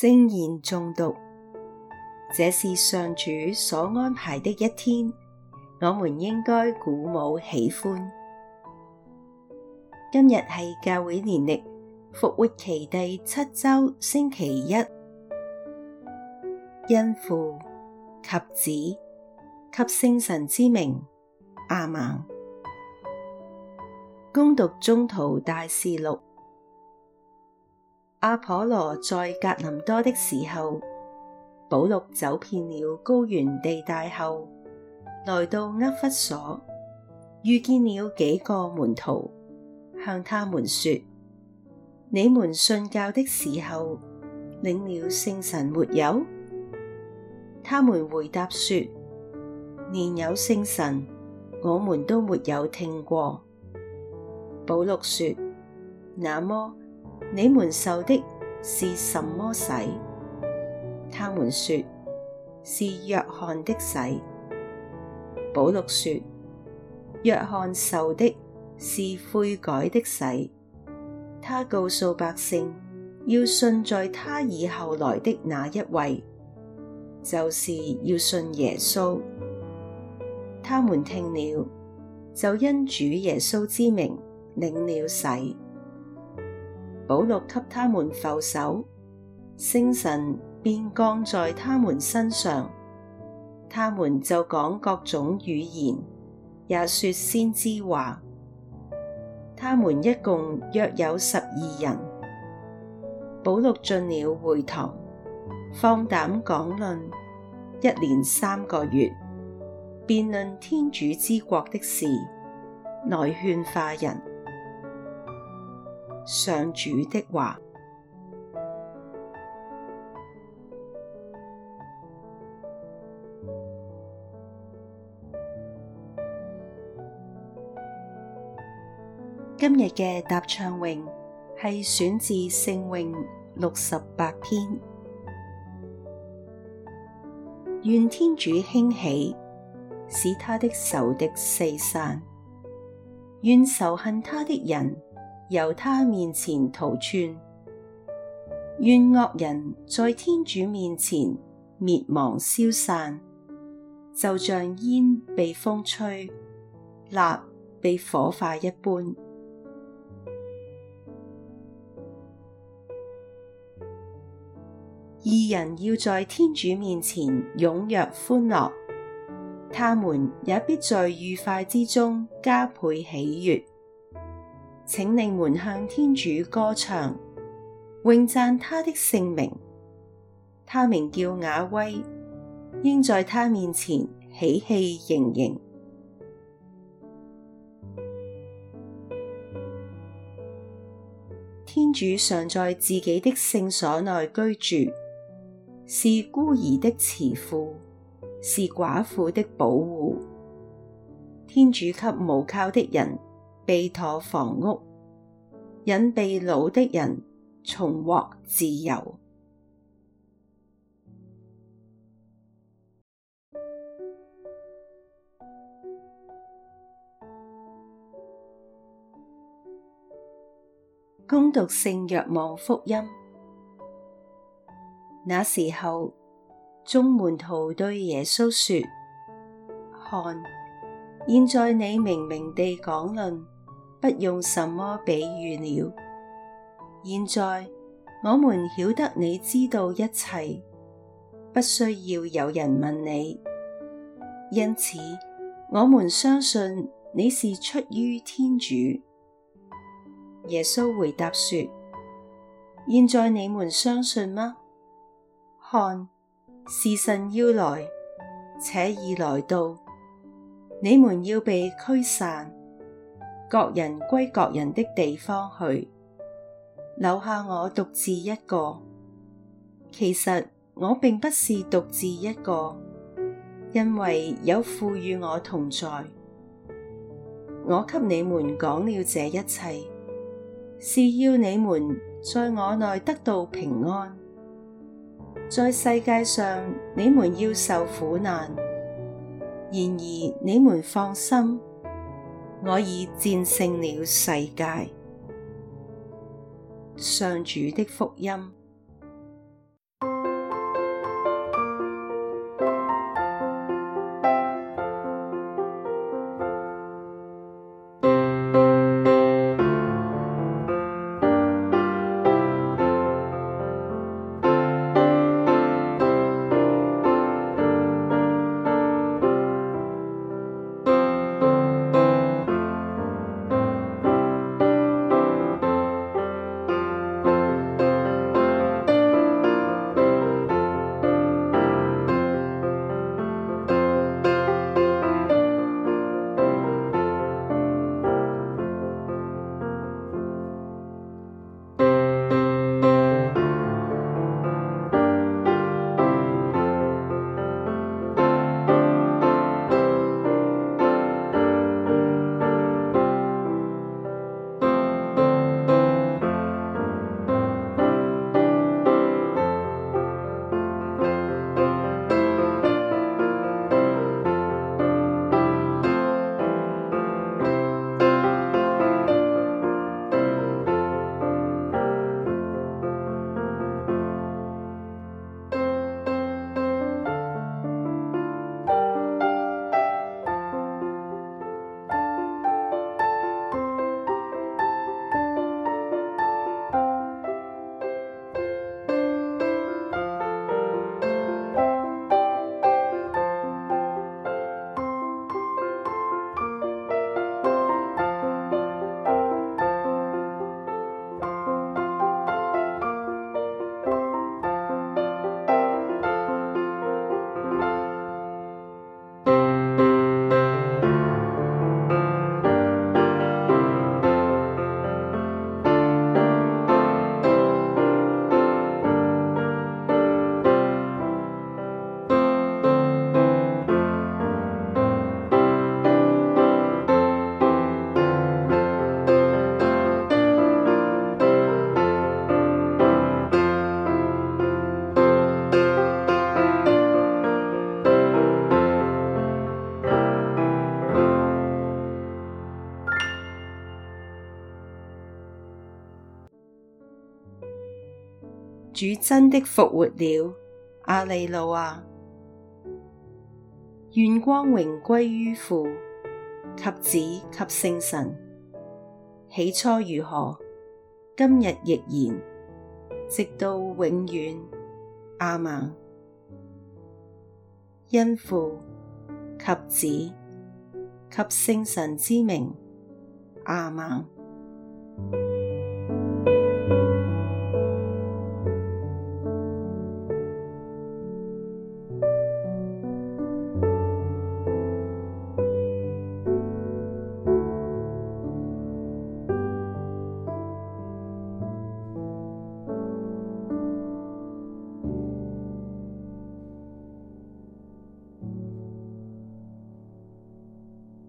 聖言誦讀，這是上主所安排的一天，我們應該鼓舞喜歡。今日係教會年曆復活期第七周星期一，因父及子及聖神之名，阿門。恭讀宗徒大事錄。阿頗羅在格林多的時候，保祿走遍了高原地帶後，來到厄弗所，遇見了幾個門徒，向他們說：你們信教的時候，領了聖神沒有？他們回答說：連有聖神，我們都沒有聽過。保祿說：那麼，你們受的是什麼洗？他們說，是若翰的洗。保祿說，若翰授的是悔改的洗。他告訴百姓，要信在他以後來的那一位，就是要信耶穌。他們聽了，就因主耶穌之名領了洗。保祿給他們覆手，聖神便降在他們身上，他們就講各種語言，也說先知話。他們一共約有十二人，保祿進了會堂，放膽講論，一連三個月，辯論天主之國的事，來勸化人。上主的話，今日嘅答唱詠係選自聖詠六十八篇。願天主興起，使他的仇敵四散；願仇恨他的人，由他面前逃竄，願惡人在天主面前滅亡消散，就像煙被風吹，蠟被火化一般。義人要在天主面前踴躍歡樂，他們也必在愉快之中加倍喜悅。請你們向天主歌唱，詠讚他的聖名。他名叫雅威，應在他面前喜氣盈盈。天主常在自己的聖所內居住，是孤兒的慈父，是寡婦的保護。天主給無靠的人。備妥房屋，引被擄的人，重獲自由。恭讀聖若望福音。那時候，眾門徒對耶穌說：「看，現在你明明地講論。不用什麼比喻了。現在我們曉得你知道一切，不需要有人問你。因此，我們相信你是出於天主。耶穌回答說：現在你們相信嗎？看，時辰要來，且已來到，你們要被驅散。各人歸各人的地方去，留下我獨自一個。其實我並不是獨自一個，因為有父與我同在。我給你們講了這一切，是要你們在我內得到平安。在世界上你們要受苦難，然而你們放心。我已戰勝了世界。上主的福音。主真的復活了，阿利路亞！願光榮歸於父及子及聖神。起初如何，今日亦然，直到永遠，阿孟。因父及子及聖神之名，阿孟。